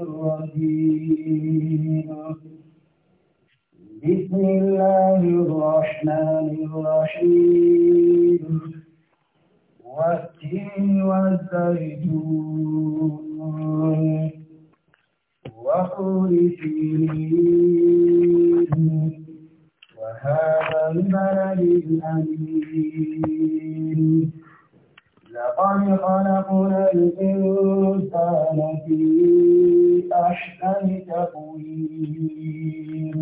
الرجيم بسم الله الرحمن الرحيم والتين والزيتون وحور سيرين وهذا البلد الأمين لقد خلقنا الإنسان في أحسن تقويم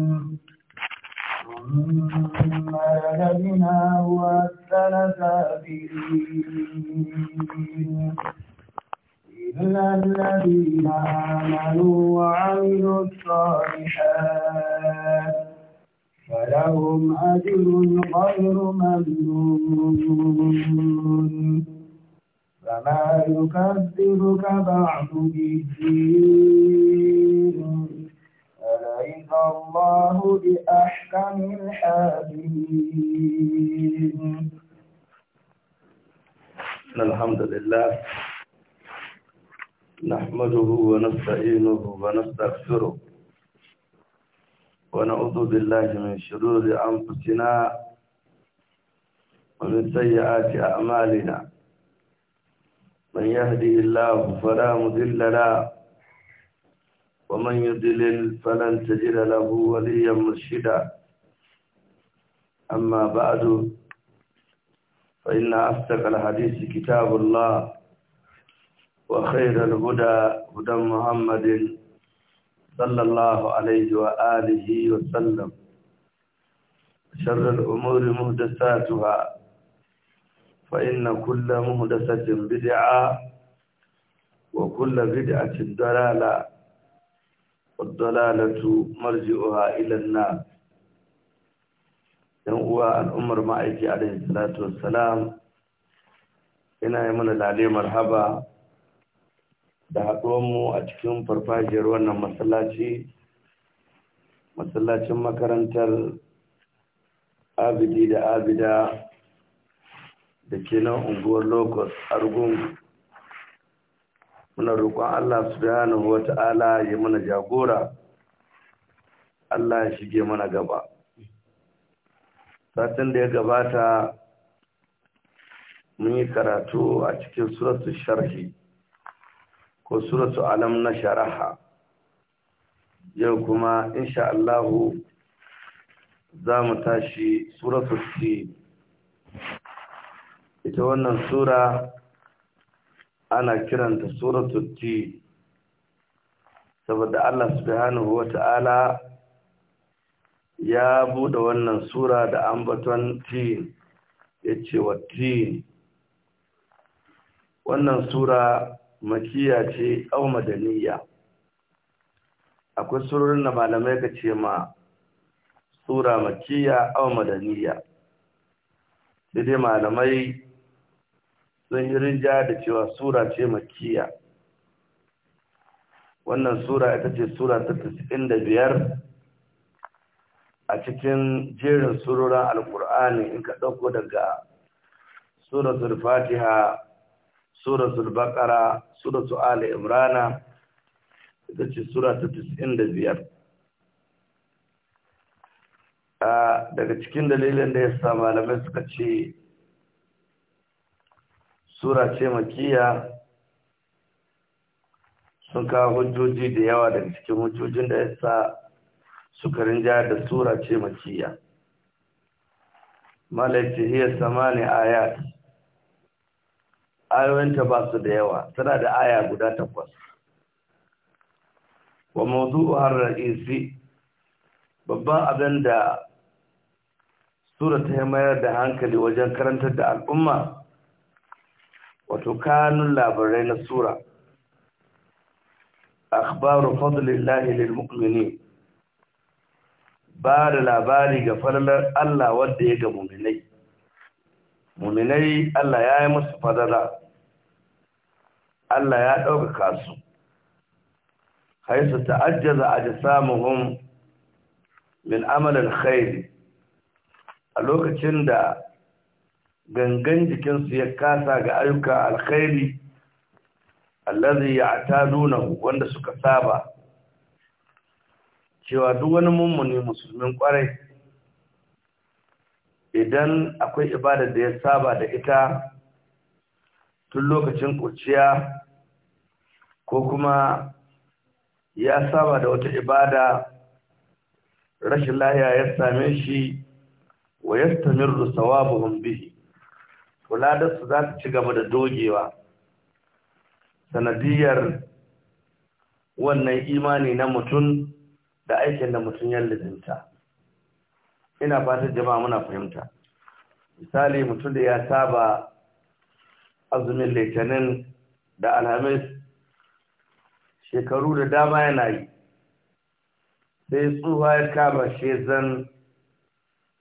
ثم رددناه أسفل سافلين إلا الذين آمنوا وعملوا الصالحات فلهم أجر غير ممنون فما يكذبك بعد بالدين أليس الله بأحكم الحاكمين الحمد لله نحمده ونستعينه ونستغفره ونعوذ بالله من شرور أنفسنا ومن سيئات أعمالنا من يهدي الله فلا مذل لا ومن يذلل فلن تجد له وليا مرشدا أما بعد فإن أفتق الحديث كتاب الله وخير الهدى هدى محمد صلى الله عليه وآله وسلم شر الأمور مهدساتها فإن كل مهدسة بدعة وكل بدعة ضلالة والضلالة مرجعها إلى النار ينقوى uwa أمر ma'aiki alaihi salatu wassalam ina yi mana lale marhaba da haɗuwanmu a cikin farfajiyar wannan masallaci masallacin makarantar abidi da abida da ke nan unguwar lagos argungu muna roƙon allah su wa wata'ala ya mana jagora allah ya shige mana gaba satin da ya gabata mun yi karatu a cikin suratu sharhi ko suratu alam na sharaha yau kuma insha Allahu za mu tashi suratu shi. ita wannan sura ana kiranta suratul ti saboda Allah subhanahu Ta'ala ya bude wannan sura da ambaton tin yace wa tin wannan sura makiya ce aw madaniya akwai surorin da malamai ka ce ma sura makiya aw madaniya sai dai malamai sun yi rinja da cewa sura ce makiya wannan sura ita ce sura ta biyar a cikin jerin sururan alkur'ani in ka ɗauko daga suratul fatiha suratul sura su ali imrana ita ce sura ta biyar ah, daga cikin dalilin da ya sa malamai suka ce sura ce makiya sun kawo hujjoji da yawa daga cikin hujjojin da ya sa sukarin da sura ce makiya malaiti hiya samani ayat ayoyinta ba su da yawa tana da aya guda takwas wa har ra'isi babban abin da sura ta mayar da hankali wajen karantar da al'umma wato kanun labarai na sura akhbaru fadlillahi lil ba da labari ga falalar Allah wanda ya ga mu'minai mu'minai Allah ya yi musu fadala Allah ya ɗaukaka su haisu ta'ajjaza ajsamuhum min amalin khairi a lokacin da gangan jikinsu ya kasa ga ayyuka alkhairi allazi ya'tadunahu wanda suka saba cewa duk wani mummuni musulmin kwarai idan akwai ibada da ya saba da ita tun lokacin kurciya ko kuma ya saba da wata ibada rashin lahiya ya same shi wa yastamirru sawabuhum bihi to ladarsu za ta ci gaba da dogewa sanadiyar wannan imani na mutum da aikin da mutum ya lizinta ina fatan jama'a muna fahimta misali mutum da ya saba azumin litinin da alhamis shekaru da dama yana yi sai tsuwa ya kama shezan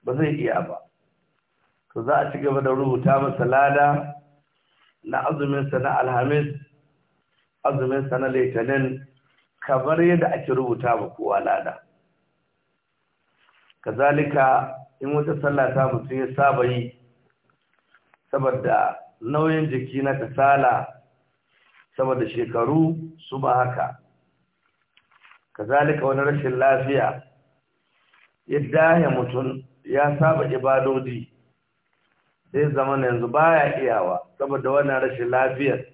ba zai iya ba to za a ci gaba da rubuta masa lada na azuminsa na alhamis azuminsa na litinin kamar yadda ake rubuta ma kowa lada kazalika in wata sallah ta mutum ya saba yi saboda nauyin jiki na kasala saboda shekaru su ba haka kazalika wani rashin lafiya ya dahe mutum ya saba ibadodi sai zama yanzu baya iyawa saboda wannan rashin lafiyar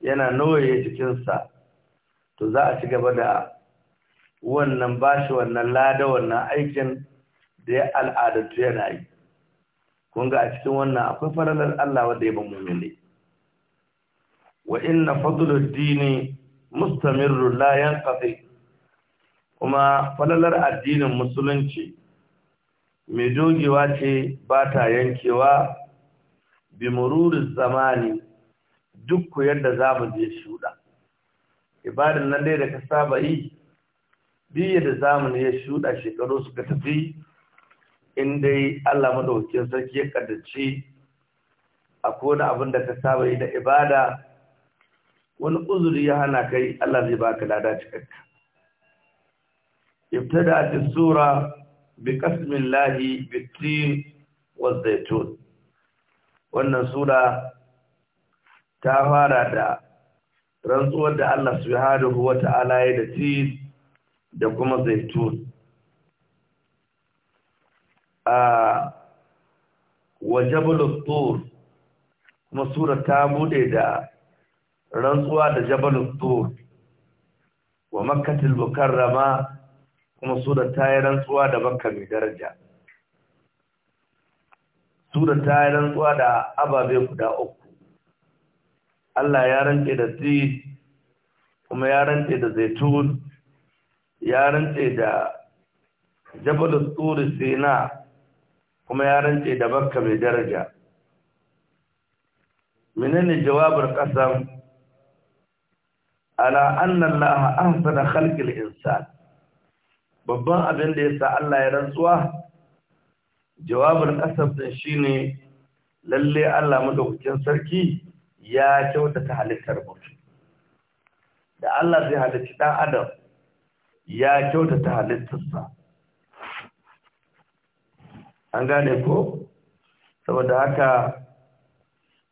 yana noye jikinsa to za a ci gaba da wannan bashi wannan lada wannan aikin da ya al'adatu yana yi kun ga a cikin wannan akwai falalar Allah wanda ya ba mu'mini wa inna fadlul dini mustamirru la yanqati kuma falalar addinin musulunci mai dogewa ce ba ta yankewa bi mururin zamani duk ku yadda za mu je shuɗa ibadan nan dai da ka saba yi yadda da zamani ya shuɗa shekaru suka tafi in dai Allah madaukakin sarki ya kaddace A wani abin da ka saba yi da ibada wani uzuri ya hana kai Allah zai baka lada cikakka ibtada sura بقسم الله بالتين والزيتون wannan sura ta fara da rantsuwar da Allah subhanahu wa ta'ala ya da tin da kuma zaitun a wajabul tur kuma sura ta bude da rantsuwa da jabal tur wa makkatul mukarrama kuma sura ta yi rantsuwa da makka mai daraja sura ta yi rantsuwa da ababe guda uku Allah ya rantse da zai, kuma ya rantse da zaitun ya rantse da jabal turi sina kuma ya rantse da bakka mai daraja menene jawabar kasam ala anna allaha ahsana khalqil insani babban abin da ya sa Allah ya rantsuwa jawabin asab din shine lalle Allah madaukakin sarki ya kyautata halittar mutum da Allah zai halicci ɗan adam ya kyautata halittarsa an gane ko saboda haka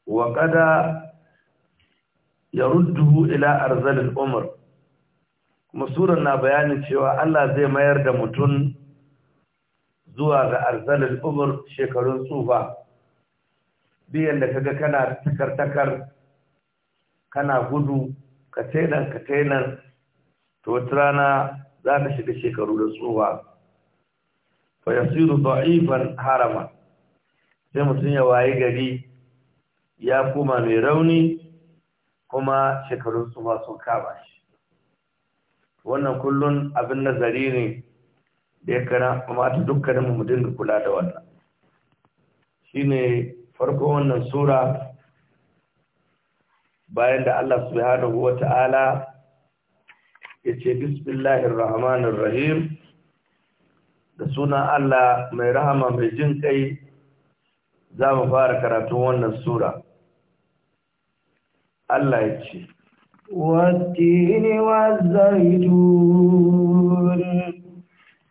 wa qada ya ila arzalin umar kuma na bayanin cewa Allah zai mayar da mutum zuwa ga arzalin umar shekarun tsufa biyan da kaga kana takar-takar kana gudu ka katainan ka nan to wata za ka shiga shekaru da tsufa fa yasiru da'ifan harama sai mutum ya waye gari ya koma mai rauni kuma shekarun tsufa sun kaba shi wannan kullun abin nazari ne da ya kara kamata dukkanin mu dinga kula da wannan ne farko wannan sura bayan da Allah Huwa Ta'ala ya ce bismillahir rahmanir rahim da suna Allah mai rahama mai jin kai za mu fara karatun wannan sura Allah ya ce والتين والزيتون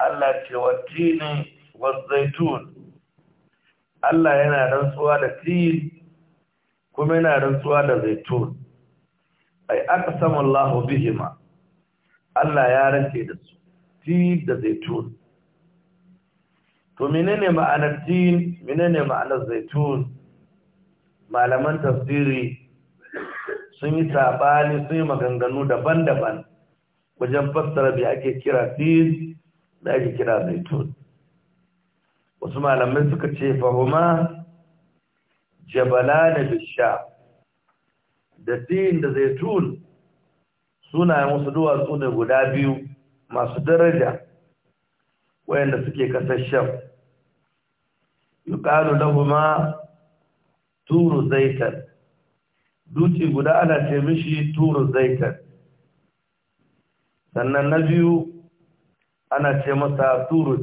Allah ce wattini zaitun. Allah yana rantsuwa da tin kuma yana rantsuwa da zaitun ai aqsama Allahu bihima Allah ya rance da su tin da zaitun to menene ma'anar tin menene ma'anar zaitun malaman tafsiri sun yi sabani sun yi maganganu daban-daban wajen fassara da ake kira din da ake kira zaitun wasu malamai suka ce fahuma da bisha da din da zaitun sunayen wasu duwatsu ne guda biyu masu daraja wayanda suke kasashen da kuma turu Zaitun. duci guda ana ce mishi turu sannan na biyu ana ce masa turu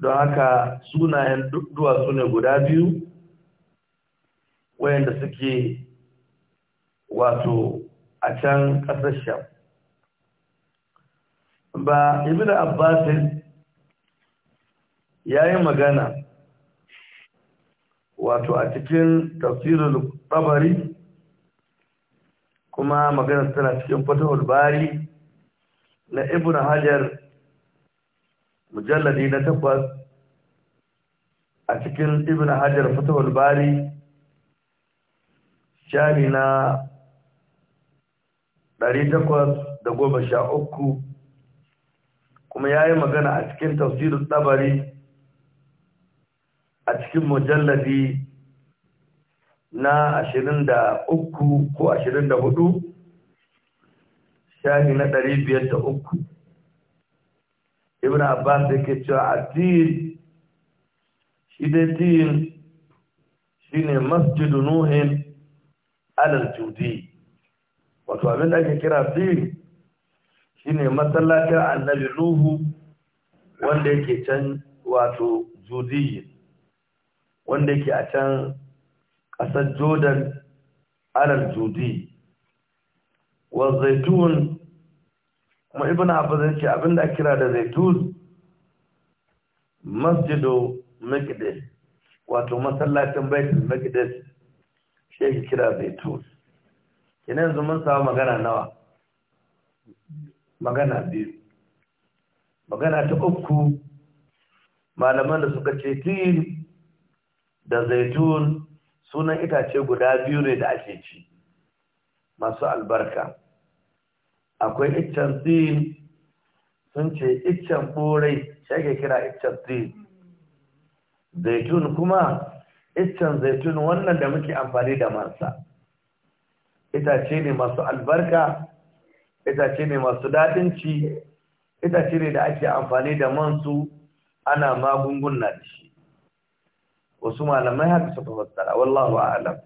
don haka sunayen duwatsu ne guda biyu wayanda suke wato a can ƙasashen. sham ba ibn abbasin ya yi magana wato a cikin tafsirul tabari kuma magana tana cikin fatahul bari na ibnu hajar mujalladi na takwas a cikin ibnu hajar fatahul bari shari na uku, kuma ya yi magana a cikin tafsirin tabari a cikin mujalladi na ashirin da uku ko ashirin da hudu shahi na ɗari biyar da uku ibn abbas da ke cewa a tiyin shi dai tiyin shi ne masjidu nuhin alaljudi judi wato abin da ake kira tiyin shi ne masallacin annabi nuhu wanda yake can wato judiyin wanda yake a can ƙasar jordan alal judi wa zaitun kuma ibn abu zai ce abinda a kira da zaitun masjido makidis wato masallacin baitul makidis shi kira zaitun kina yanzu mun samu magana nawa magana biyu magana ta uku malaman da suka ce tiri da zaitun sunan itace guda biyu ne da ake ci masu albarka akwai iccen tsin sun ce iccen ɓorai shi kira iccen tsin zaitun kuma iccen zaitun wannan da muke amfani da mansa itace ne masu albarka itace ne masu daɗin ci itace ne da ake amfani da mansu ana magungunan shi wasu malamai haka suka fassara wallahu a'lam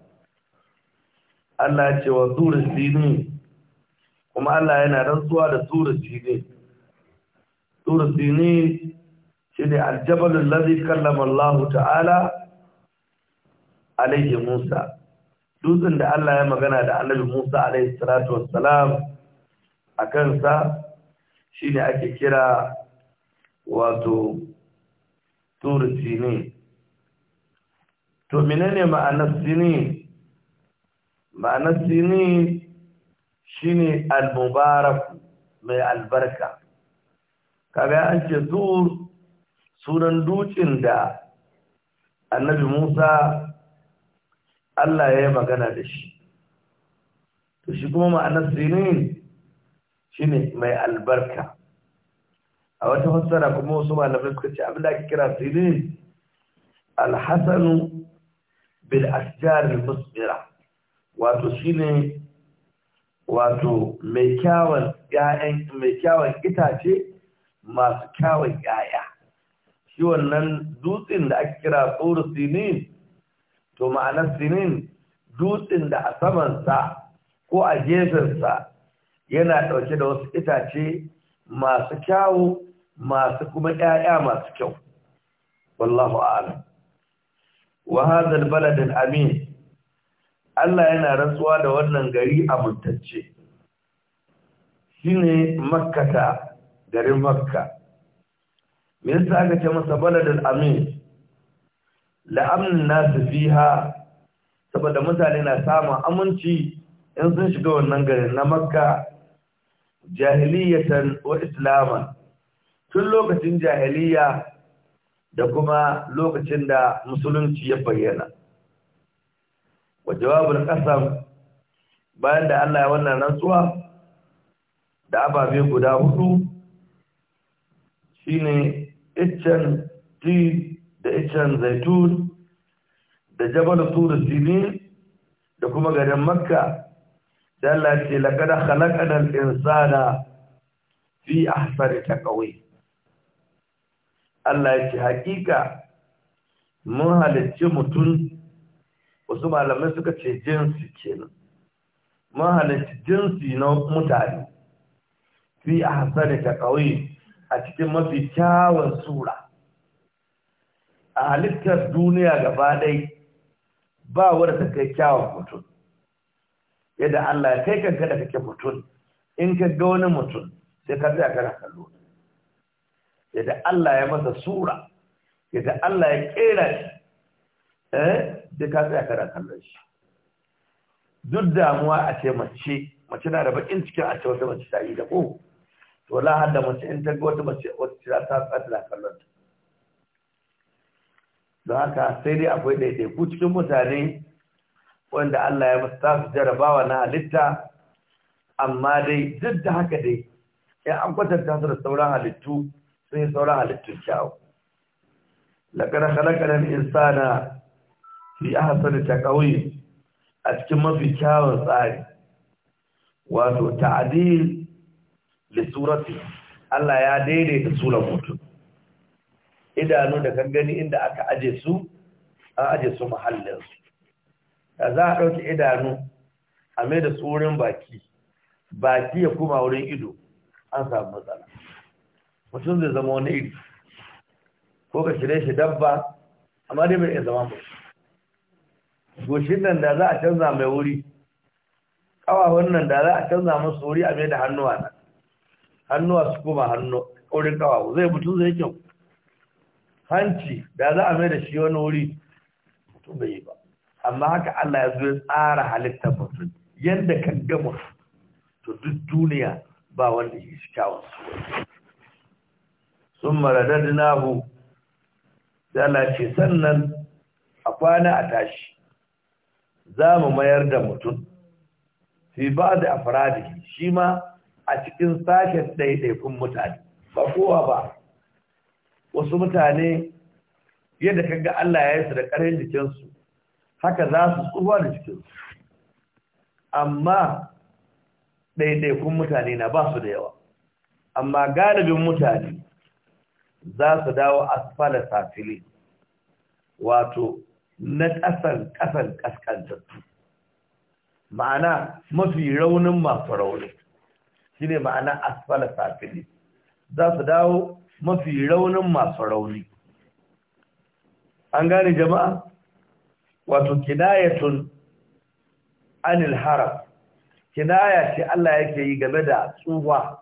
Allah ya ce wa turi sinin kuma Allah yana rantsuwa da turi sinin turi sinin shine aljabal allazi kallama Allah ta'ala alaihi Musa dutsen da Allah ya magana da Annabi Musa alaihi salatu wassalam a kansa shine ake kira wato turi sinin to menene ma'anar sini ma'anar sini shine al-mubarak mai albarka kaga an ce zur sunan dukin da annabi Musa Allah ya yi magana da shi to shi kuma ma'anar sini shine mai albarka a wata fassara kuma wasu malamai suka ce abin da ake kira al alhassanu bil ashjar al musbira wato shine wato mai kyawun mai itace masu kyawun 'ya'ya? shi wannan dutsin da ake kira tsoro sinin to ma'anar sinin dutsin da a saman sa ko a sa yana ɗauke da wasu itace masu kyawu masu kuma 'ya'ya masu kyau wallahu a'lam wa Baladin al amin Allah yana rantsuwa da wannan gari amintacce shine makkata garin makka me yasa aka ce masa balad la amn nas fiha saboda mutane na samun aminci in sun shiga wannan garin na makka jahiliyatan wa islaman tun lokacin jahiliya da kuma lokacin da musulunci ya bayyana wa jawabul qasam bayan da Allah ya wannan rantsuwa da ababe guda hudu shine iccen ti da iccen zaitun da jabal tur sinin da kuma garin makka da Allah ce laqad khalaqana al-insana fi ahsani taqwim Allah ya ce hakika mun halicci mutum wasu malamai suka ce jinsi kenan mun halicci jinsi na mutane fi a hasari ta ƙauye a cikin mafi kyawun sura a halittar duniya gaba ɗai ba wadda ta kai kyawun mutum yadda Allah ya kai kanka da kake mutum in ka ga wani mutum sai ka tsaya kana kallo yadda Allah ya masa sura yadda Allah ya kera shi eh da ka tsaya kara kallon shi duk damuwa a ce mace mace na da bakin cikin a ce wata mace ta yi da ko to la har da mace in ta ga wata mace wata ta ta tsaya kallon ta don haka sai dai akwai ku cikin mutane wanda Allah ya masu tasu jarabawa na halitta amma dai duk da haka dai ya an kwatanta su da sauran halittu sai sauran halittun kyawu Lakana na insana fi ahasar ta ƙauye a cikin mafi kyawun tsari wato ta'adil surati Allah ya daidaita suran mutum idanu da kan gani inda aka aje su an aje su mahallinsu da za a ɗauki idanu a mai da tsorin baki baki ya kuma wurin ido an samu matsala mutum zai zama wani iri ko ka shirye shi dabba amma dai mai zama ba goshin nan da za a canza mai wuri ƙawahun nan da za a canza masu wuri a mai da hannuwa na. hannuwa su kuma hannu wurin ƙawahu zai mutum zai kyau hanci da za a mai da shi wani wuri mutum bai yi ba amma haka Allah ya zo ya tsara halittar mutum yadda kan gama to duk duniya ba wanda ya shi kyawun su sun maradar nahu ce sannan a kwana a tashi za mu mayar da mutum fi ba da afiradi shi ma a cikin sashen ɗaiɗaikun mutane ba kowa ba wasu mutane yadda kaga Allah ya yi su da ƙarfin jikinsu haka za su tsuwa da jikinsu amma ɗaiɗaikun mutane na ba su da yawa amma galibin mutane za su dawo asfala safili wato na ƙasan ƙasan ƙasƙantattu ma'ana mafi raunin masu rauni shi ne ma'ana asfala safili za su dawo mafi raunin masu rauni an gane jama'a wato kinayatun anil haram kinaya ce Allah yake yi game da tsuwa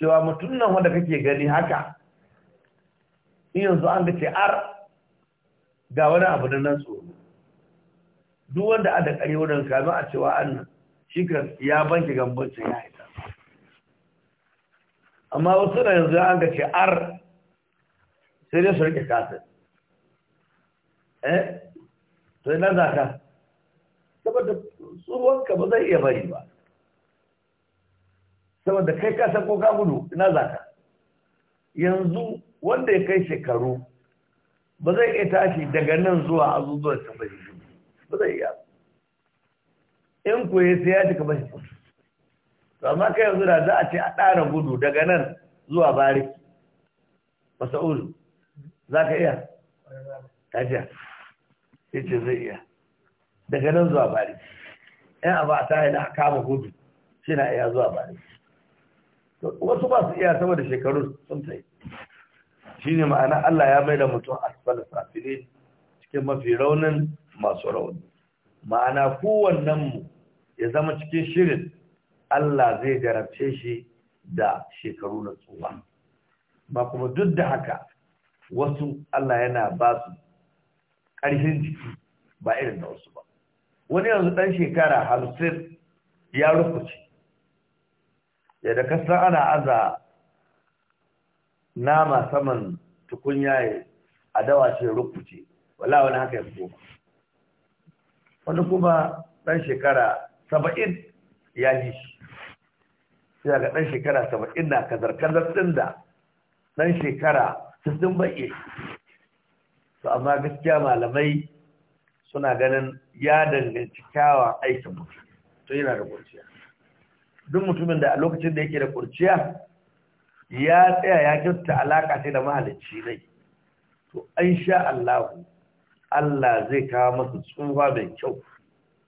cewa mutum nan wanda kake gani haka ni yanzu an ga ce ar ga wani abu da nan tsoro duk wanda a da kare wurin kamin a cewa annan shi kan ya banki gambancin ya ita amma wasu da yanzu an ga ce ar sai dai su rike kasar eh to ina za ka saboda tsohonka ba zai iya bari ba saboda kai ka ko ka gudu ina za ka yanzu wanda ya kai shekaru ba zai iya tashi daga nan zuwa azuzuwa ta bai shi ba zai iya in ku sai ya jika bai to amma kai yanzu da za a ce a ɗara gudu daga nan zuwa bari Sa'udu, za ka iya tafiya ya ce zai iya daga nan zuwa bari yan abu a tahi na kama gudu shi na iya zuwa bari wasu ba su iya saboda shekaru sun tsaye shine ma'ana Allah ya da mutum asfal safilin cikin mafi raunin masu rauni ma'ana kowannen mu ya zama cikin shirin Allah zai jarabce shi da shekaru na tsuwa ba kuma duk da haka wasu Allah yana ba su ƙarfin jiki ba irin da wasu ba wani yanzu ɗan shekara hamsin ya rukuce Yadda da kasan ana aza nama saman tukunya ya a dawa ce rukuce wala wani haka ya koma wani kuma ɗan shekara saba'in ya yi shi sai ga ɗan shekara saba'in na kazar-kazar ɗin da ɗan shekara sassin baƙi su amma gaskiya malamai suna ganin ya danganci kyawun aikin mutum to yana da kurciya duk mutumin da a lokacin da yake da kurciya ya tsaya ya kyauta alaka sai da mahalicci zai to an sha Allahu Allah zai kawo masa tsufa mai kyau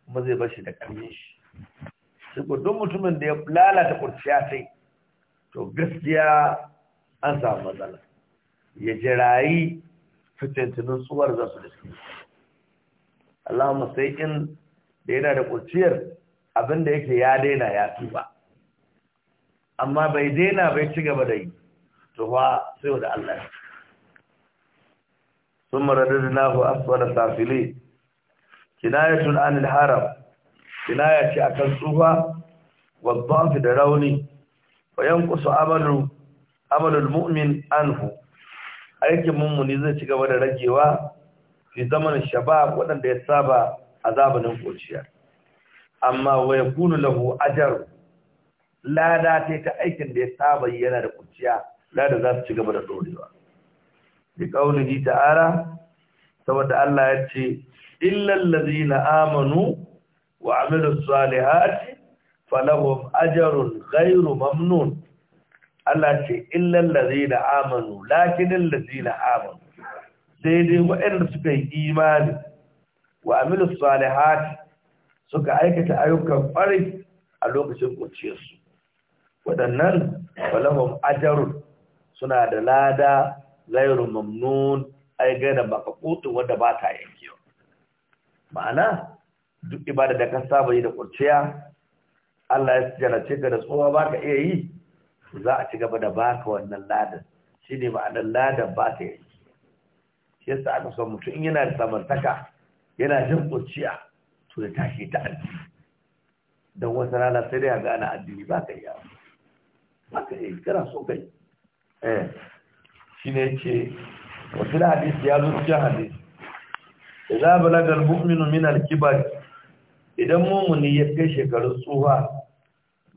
kuma zai bashi da ƙarfin shi sai mutumin da ya lalata kurciya sai to gaskiya an samu matsala ya jirayi fitintinin tsuwar za su da su Allah sai in da yana da kurciyar abinda yake ya daina ya tuba amma bai daina bai ci gaba da yi tuwa sai da Allah sun maradadinahu asfala safili kinayatun anil haram kinaya ce akan tsufa wadda da rauni wa yankusu amalu amalul mu'min anhu aikin ne zai ci gaba da ragewa fi zaman shabab waɗanda ya saba azabanin kociya amma wa yakunu lahu ajru lada ta ta aikin da ya saba yana da kuciya lada za su ci gaba da dorewa bi kaulihi ta'ala saboda Allah ya ce illal ladina amanu wa amilus salihati falahum ajrun ghairu mamnun Allah ce illal ladina amanu lakin ladina amanu sai dai waɗanda suka yi imani wa amilus salihati suka aikata ayyukan kwarai a lokacin kuciyarsu waɗannan falahum ajarun suna da lada gairu mamnun ai da makakutun wanda ba ta yankewa ma'ana duk ibada da ka saba yi da kurciya Allah ya jarace ka da tsoha ba ka iya yi za a ci gaba da baka wannan ladan shi ne ma'anar ladan ba ta yanki shi yasa aka so mutum in yana da samantaka yana jin kurciya to da tashi ta addini don wasu rana sai dai ga ana addini ba ka iya haka yi kana so kai eh shi ne ce da hadisi ya zo cikin hadisi idan balagar mu'minu min kibar idan mu'mini ya kai shekarun tsufa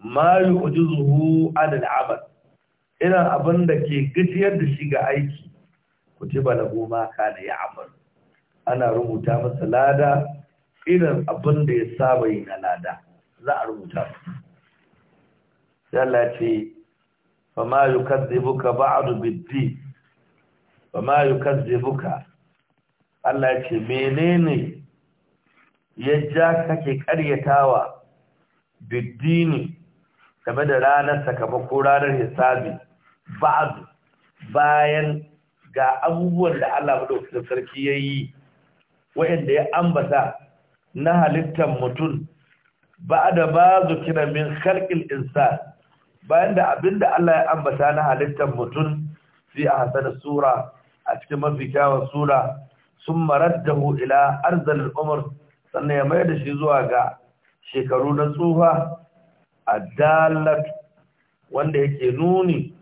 ma zuhu adal abad ina abin da ke gajiyar da shiga aiki ku ji na goma kada ya amal ana rubuta masa lada irin abin da ya saba yi na lada za a rubuta sai Allah ce fama yukazzibuka ba'du bid-din fama yukazzibuka Allah ya ce menene ya ja kake karyatawa biddini game da ranar sakamako ranar hisabi ba'du bayan ga abubuwan da Allah da sarki yayi wa'anda ya ambata na halittar mutum ba'da bazu kira min khalqil insan bayan da abinda Allah ya ambata na halittar mutum fi a hasar sura a cikin mafi kyawun sura sun maraddahu ila arzalin umar sannan ya mayar da shi zuwa ga shekaru na tsufa a dalat wanda yake nuni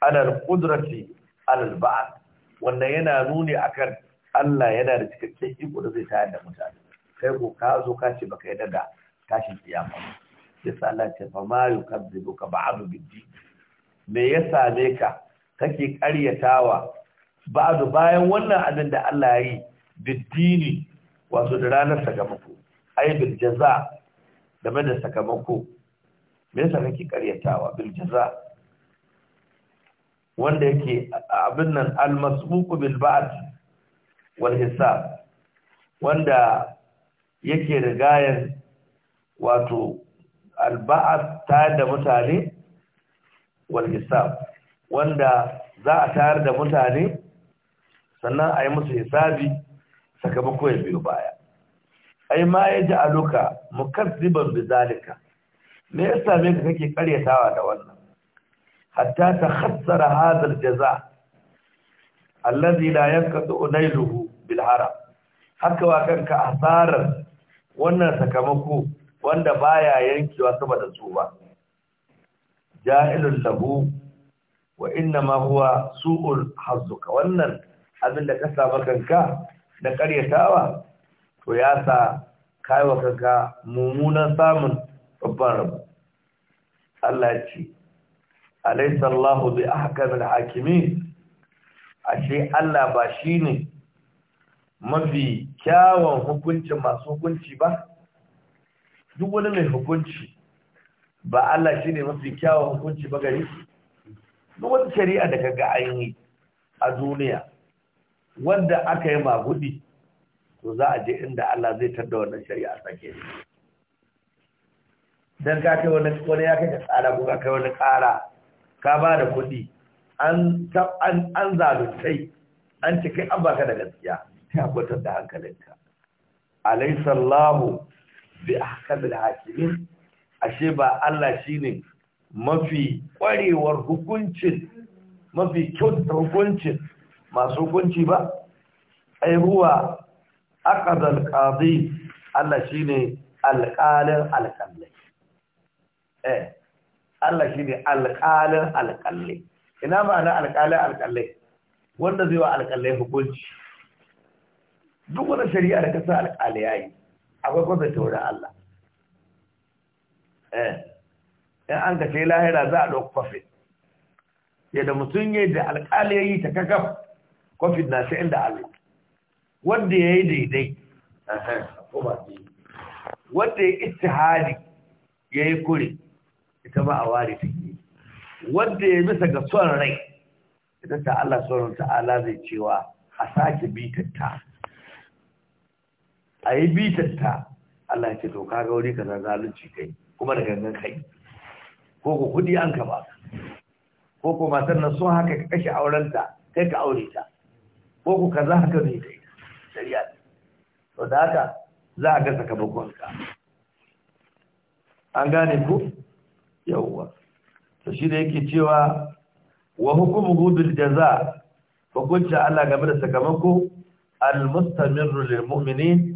alal kudurati alal ba'ad wanda yana nuni akan Allah yana da cikakken iko da zai tayar da mutane kai ko ka zo ka ce baka yi daga tashin kiyama sai sa Allah ce fa ma ka ba'du biddi me ya same ka kake ƙaryatawa ba'du bayan wannan abin da Allah yi biddini wato da ranar sakamako ai bil jaza game da sakamako me yasa kake ƙaryatawa bil jaza wanda yake abin nan al masbuq bil ba'd wal hisab wanda yake rigayen wato alba'ar tayar da mutane wal hisab wanda za a tayar da mutane sannan a yi musu hisabi sakamako ya biyo baya ai ma ya ji aluka mukazziban bizalika me ya same ka kake karyatawa da wannan hatta ta khassara hadal jaza alladhi la yanqadu nailuhu bil haram haka wa kanka asarar wannan sakamako wanda baya yankewa saboda ba ja'ilul lahu wa inna ma huwa su'ul hazzuka wannan abin da ka saba kanka da karyatawa to ya sa kaiwa kanka mummunan samun babban rabu Allah ya ce alaysa Allahu bi ahkamil hakimin ashe Allah ba shine mafi kyawun hukunci masu hukunci ba duk wani mai hukunci ba Allah shi ne mafi kyawun hukunci ba gari duk wata shari'a da kaga an yi a duniya wanda aka yi magudi to za a je inda Allah zai tada wannan shari'a sake dan ka kai wani wani ya kai ka tsara ko ka kai wani kara ka ba da kuɗi an an an zaluntai an ci kai an da gaskiya sai da hankalinka alaysa Allahu bi ahkamil hakimin ashe ba Allah shine mafi kwarewar hukuncin mafi kyautar hukuncin masu hukunci ba ai huwa al qadi Allah shine al alqallai eh Allah shine al alqallai ina ma'ana al alqallai wanda zai wa alqallai hukunci duk wani shari'a da kasa alqalai yayi akwai kwafe ta wurin Allah eh in an ka ce lahira za a ɗauki kwafi, yadda mutum yi da alƙali ya yi ta kakaf kwafi na sai inda Allah wanda ya yi daidai wanda ya hari ya yi kuri, ita ba a ware take wanda ya bisa ga son rai ita ta Allah sauran ta'ala zai cewa a sake bitatta. a yi bitatta Allah ya ce to kaga wuri kaza zalunci kai kuma da gangan kai ko ko kudi an ka ba ko ko matar nan so haka ka kashe aurenta kai ka aure ta ko ko kaza haka ne kai shari'a to da haka za a ga sakamakon ka an gane ku yawwa to shi da yake cewa wa hukumu gudul jaza hukunci Allah game da sakamako al-mustamirru lil mu'minin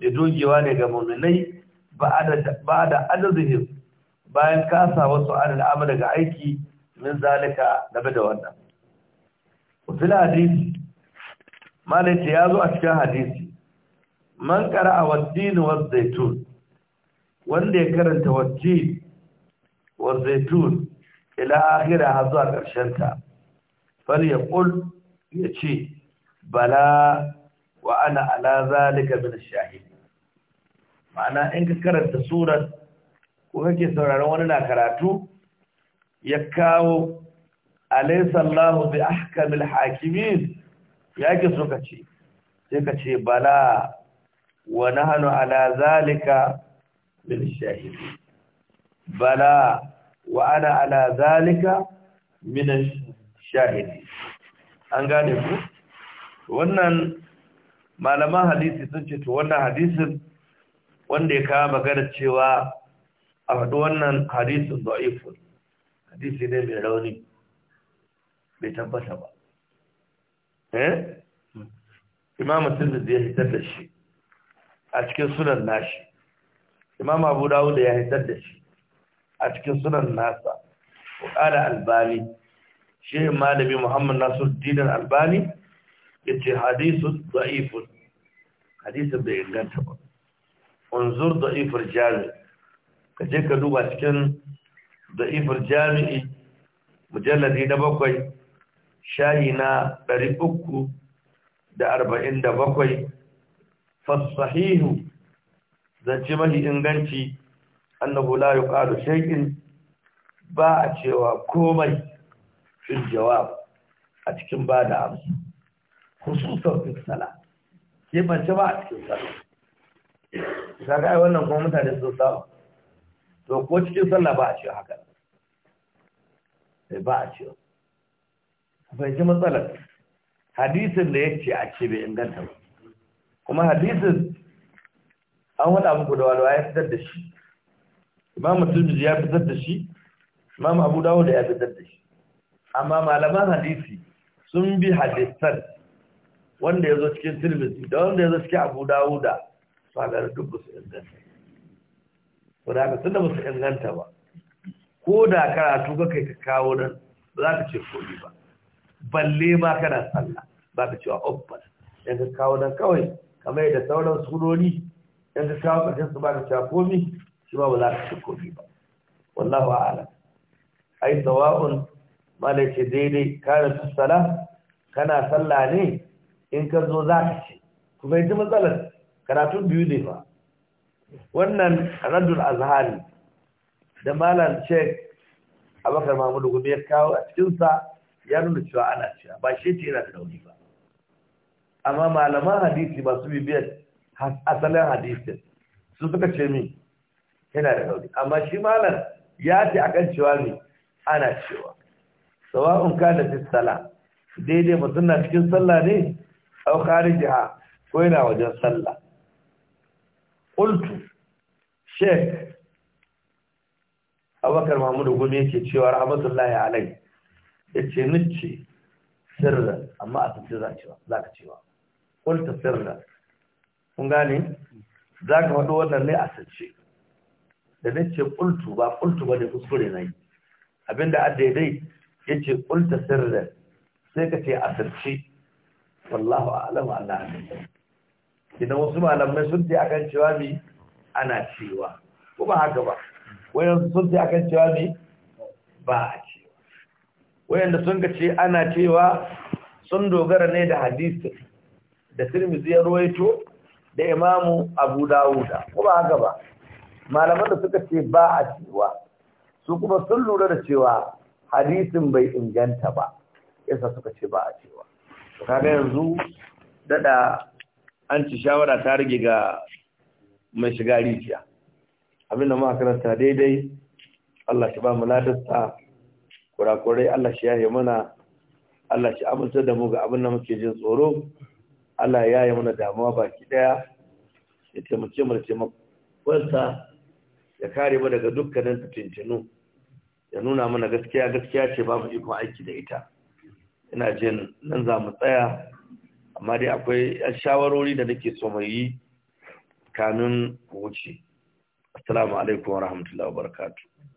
da dogewa ne ga mu'minai ba da adadin bayan kasa wasu adal daga aiki min zalika game da wannan fil hadisi malai ya zo a cikin hadisi man kara a din waz wanda ya karanta wajji waz-zaytun ila akhira har zuwa karshen ta fal yaqul yace bala wa ana ala zalika min shahid ma'ana in ka karanta surar ko kake sauraron wani na karatu ya kawo alaisallahu bi ahkamil hakimin yake so ka ce sai ka ce bala wa nahnu ala zalika min shahidi bala wa ana ala zalika min shahidi an gane ku wannan malaman hadisi sun ce to wannan hadisin wanda ya kawo magana cewa a faɗi wannan hadisin da'ifun hadisi ne mai rauni bai tabbata ba eh imam da ya hitar da shi a cikin sunan nashi imam abu dawud ya hitar da shi a cikin sunan nasa qala albani shehin malami muhammad dinar albani ya ce hadisun da'ifun hadisun bai inganta ba unzur da'ifar jami'i ka je ka duba cikin da'ifar jami'i mujalladi na bakwai shayi na ɗari uku da arba'in da bakwai fassahihu zance mahi inganci annahu la yuqalu shay'in ba a cewa komai fil jawab a cikin ba da amsa khususan fil sala ke ba a cikin sala kaga ai wannan kuma mutane su saba to ko cikin sallah ba a ce haka sai eh, ba a ce bai ji matsalar hadisin da yake a ce bai inganta ba kuma hadisin an wada muku da walwa ya fitar da shi imamu tirmidhi ya fitar da shi imamu abu dawud ya fitar da shi amma malaman hadisi sun bi hadisan wanda ya zo cikin tirmidhi da wanda ya zo cikin abu dawuda salar duk ba su inganta ba da tun da ba su inganta ba ko da karatu ka kai ka kawo nan ba za ka ce komi ba balle ma kana sallah ba ka cewa ubbal yan ka kawo nan kawai kamar yadda sauran sunoni yan ka kawo ƙarshen su ba ka cewa komi shi ba ba za ka ce komi ba wallahu a'lam ai sawa'un da ce daidai kare su kana sallah ne in ka zo za ka ce ku yi ta matsalar karatun biyu ne fa wannan radul azhari da malam sheik abubakar mahmudu gobe ya kawo a cikinsa ya nuna cewa ana cewa ba shi ce yana da rauni ba amma malaman hadisi masu bibiyar asalin hadisin su suka ce min yana da rauni amma shi malam ya ce akan cewa ne ana cewa sawa'un ka da sala daidai mutum na cikin sallah ne au kharijiha ko yana wajen sallah شيخ sheikh بكر محمود gumi yake cewa rahmatullahi alai yace nice sirra amma a tace za cewa za ka cewa قلت sirra kun gane za ka faɗo wannan ne a sace da nace قلت ba ba bane kuskure nayi abinda a daidai yace قلت sirra sai ka ce a sace wallahu a'lamu Allah idan wasu malamai sun ce akan cewa mi ana cewa ko ba haka ba wayan sun ce akan cewa mi ba a cewa wayanda sun ga ce ana cewa sun dogara ne da hadisi da Tirmidhi ya ruwaito da Imamu Abu Dawuda ko ba haka ba malaman da suka ce ba a cewa su kuma sun lura da cewa hadisin bai inganta ba yasa suka ce ba a cewa to kaga yanzu dada an ci shawara ta rage ga mai shiga rijiya abinda ma karanta daidai Allah shi ba mu ladarsa kurakurai Allah shi yaye mana Allah shi amince da mu ga abin da muke jin tsoro Allah ya yi mana damuwa baki daya ya taimake mu da taimakonsa ya kare mu daga dukkanin tuntunu. ya nuna mana gaskiya gaskiya ce babu ikon aiki da ita ina jin nan za mu tsaya amma dai akwai shawarori da nake so mai yi kanun wuce assalamu alaikum wa rahmatullahi wa